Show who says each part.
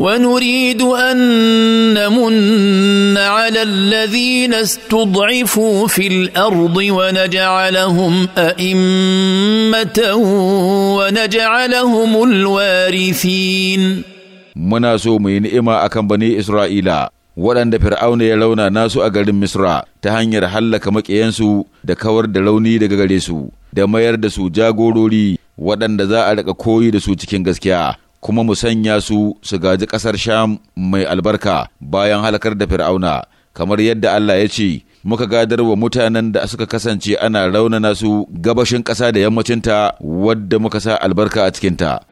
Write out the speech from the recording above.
Speaker 1: ونريد أن نمن على الذين استضعفوا في الأرض ونجعلهم أئمة
Speaker 2: ونجعلهم الوارثين منا سومين إما أكن بني إسرائيل ولن دفر أون يلون ناس أقل مصر تهنير حل كمك ينسو دكور دلوني دكغليسو دمير دسو جاغولولي ودن دزا ألك كوي دسو تكين kuma mu sanya su su gaji ƙasar Sham mai albarka bayan halakar da Fir'auna, kamar yadda Allah ya ce, Muka gadar wa mutanen da suka kasance ana raunana su gabashin ƙasa da yammacinta wadda muka sa albarka a cikinta.